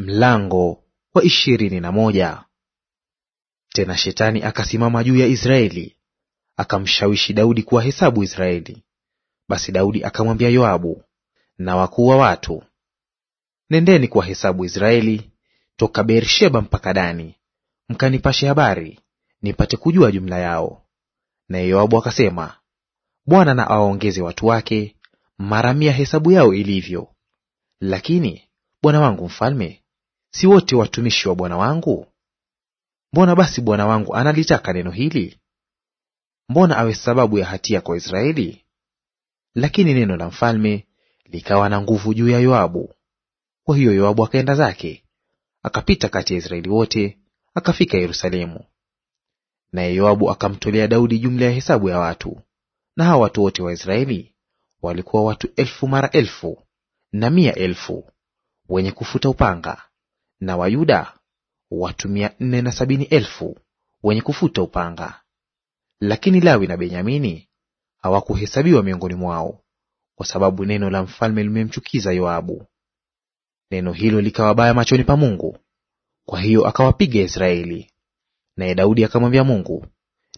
Mlango wa ishirini na moja. Tena shetani akasimama juu ya Israeli akamshawishi Daudi kuwahesabu Israeli. Basi Daudi akamwambia Yoabu na wakuu wa watu, nendeni kuwahesabu Israeli toka Beersheba mpaka Dani, mkanipashe habari nipate kujua jumla yao. Naye Yoabu akasema, Bwana na awaongeze watu wake mara mia hesabu yao ilivyo. Lakini bwana wangu mfalme, si wote watumishi wa bwana wangu? Mbona basi bwana wangu analitaka neno hili? Mbona awe sababu ya hatia kwa Israeli? Lakini neno la mfalme likawa na nguvu juu ya Yoabu. Kwa hiyo Yoabu akaenda zake, akapita kati ya Israeli wote, akafika Yerusalemu. Naye Yoabu akamtolea Daudi jumla ya hesabu ya watu, na hao watu wote wa Israeli walikuwa watu elfu mara elfu na mia elfu wenye kufuta upanga na Wayuda watu mia nne na sabini elfu wenye kufuta upanga. Lakini Lawi na Benyamini hawakuhesabiwa miongoni mwao, kwa sababu neno la mfalme limemchukiza Yoabu. Neno hilo likawa baya machoni pa Mungu, kwa hiyo akawapiga Israeli. Naye Daudi akamwambia Mungu,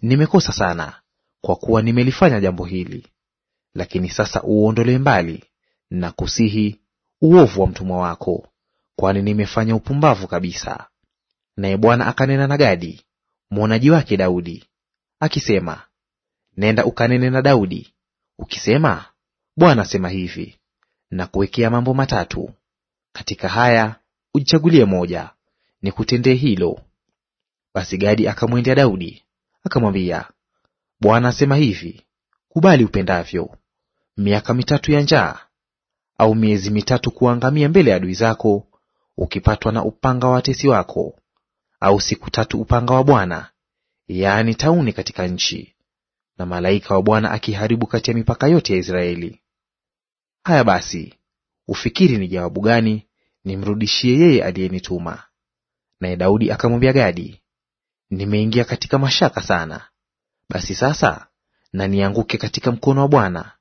nimekosa sana, kwa kuwa nimelifanya jambo hili. Lakini sasa uondolee mbali na kusihi uovu wa mtumwa wako, kwani nimefanya upumbavu kabisa. Naye Bwana akanena na Gadi mwonaji wake Daudi akisema, nenda ukanene na Daudi ukisema, Bwana asema hivi, na kuwekea mambo matatu, katika haya ujichagulie moja, nikutendee hilo. Basi Gadi akamwendea Daudi akamwambia, Bwana asema hivi, kubali upendavyo, miaka mitatu ya njaa au miezi mitatu kuangamia mbele ya adui zako ukipatwa na upanga wa watesi wako, au siku tatu upanga wa Bwana, yaani tauni katika nchi, na malaika wa Bwana akiharibu kati ya mipaka yote ya Israeli. Haya basi, ufikiri ni jawabu gani nimrudishie yeye aliyenituma? Naye Daudi akamwambia Gadi, nimeingia katika mashaka sana. Basi sasa na nianguke katika mkono wa Bwana,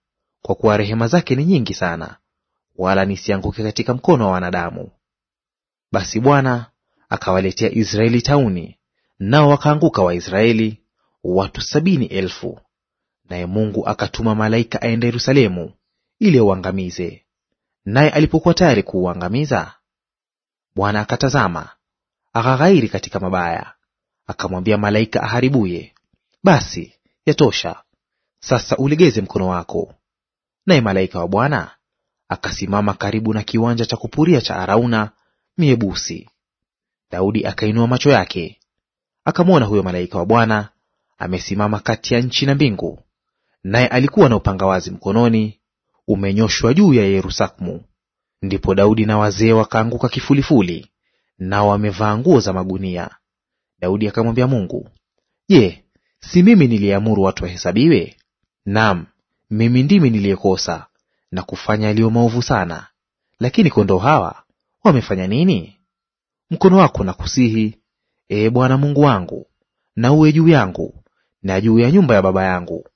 kwa kuwa rehema zake ni nyingi sana, wala nisianguke katika mkono wa wanadamu. Basi Bwana akawaletea Israeli tauni, nao wakaanguka Waisraeli watu sabini elfu. Naye Mungu akatuma malaika aende Yerusalemu ili auangamize. Naye alipokuwa tayari kuuangamiza, Bwana akatazama, akaghairi katika mabaya, akamwambia malaika aharibuye, basi yatosha, sasa ulegeze mkono wako. Naye malaika wa Bwana akasimama karibu na kiwanja cha kupuria cha Arauna Myebusi. Daudi akainua macho yake akamwona huyo malaika wa Bwana amesimama kati ya nchi na mbingu, naye alikuwa na upanga wazi mkononi umenyoshwa juu ya Yerusalemu. Ndipo Daudi na wazee wakaanguka kifulifuli, nao wamevaa nguo za magunia. Daudi akamwambia Mungu, Je, si mimi niliyeamuru watu wahesabiwe? Naam, mimi ndimi niliyekosa na kufanya yaliyo maovu sana, lakini kondoo hawa wamefanya nini? Mkono wako nakusihi, Ee Bwana Mungu wangu, na uwe juu yangu na juu ya nyumba ya baba yangu,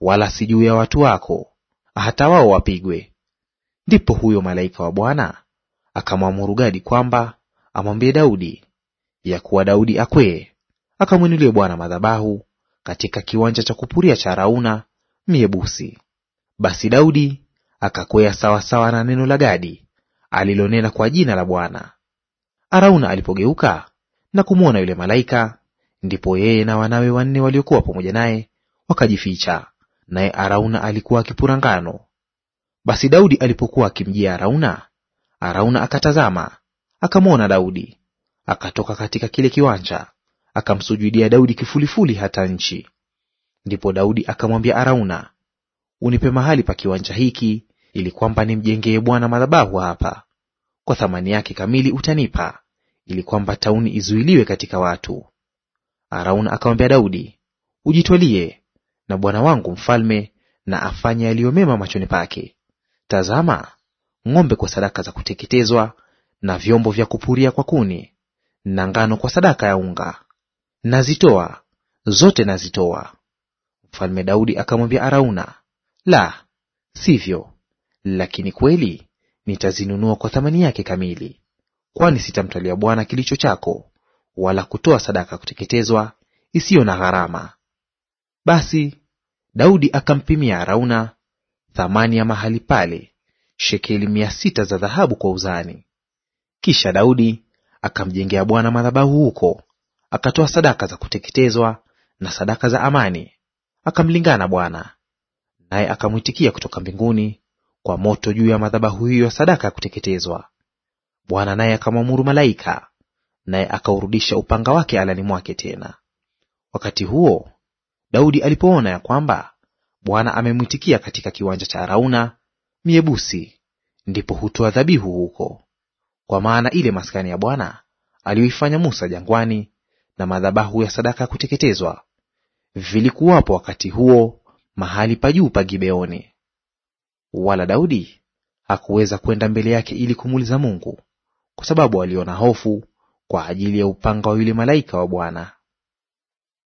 wala si juu ya watu wako, hata wao wapigwe. Ndipo huyo malaika wa Bwana akamwamuru Gadi kwamba amwambie Daudi ya kuwa Daudi akwee akamwinulie Bwana madhabahu katika kiwanja cha kupuria cha Arauna Myebusi. Basi Daudi akakwea sawasawa na neno la Gadi alilonena kwa jina la Bwana. Arauna alipogeuka na kumwona yule malaika, ndipo yeye na wanawe wanne waliokuwa pamoja naye wakajificha, naye Arauna alikuwa akipura ngano. Basi Daudi alipokuwa akimjia Arauna, Arauna akatazama akamwona Daudi, akatoka katika kile kiwanja, akamsujudia Daudi kifulifuli hata nchi. Ndipo Daudi akamwambia Arauna, unipe mahali pa kiwanja hiki ili kwamba nimjengee Bwana madhabahu hapa kwa thamani yake kamili utanipa, ili kwamba tauni izuiliwe katika watu. Arauna akamwambia Daudi, ujitwalie, na bwana wangu mfalme na afanye yaliyo mema machoni pake. Tazama, ng'ombe kwa sadaka za kuteketezwa na vyombo vya kupuria kwa kuni na ngano kwa sadaka ya unga nazitoa zote, nazitoa. Mfalme Daudi akamwambia Arauna, la sivyo, lakini kweli nitazinunua kwa thamani yake kamili. Kwani sitamtwalia Bwana kilicho chako, wala kutoa sadaka kuteketezwa isiyo na gharama. Basi Daudi akampimia Arauna thamani ya mahali pale shekeli mia sita za dhahabu kwa uzani. Kisha Daudi akamjengea Bwana madhabahu huko, akatoa sadaka za kuteketezwa na sadaka za amani, akamlingana Bwana, naye akamwitikia kutoka mbinguni kwa moto juu ya madhabahu hiyo ya sadaka ya kuteketezwa. Bwana naye akamwamuru malaika, naye akaurudisha upanga wake alani mwake tena. Wakati huo Daudi alipoona ya kwamba Bwana amemwitikia katika kiwanja cha Arauna Miebusi, ndipo hutoa dhabihu huko, kwa maana ile maskani ya Bwana aliyoifanya Musa jangwani na madhabahu ya sadaka ya kuteketezwa vilikuwapo wakati huo mahali pa juu pa Gibeoni wala Daudi hakuweza kwenda mbele yake ili kumuuliza Mungu, kwa sababu aliona hofu kwa ajili ya upanga wa yule malaika wa Bwana.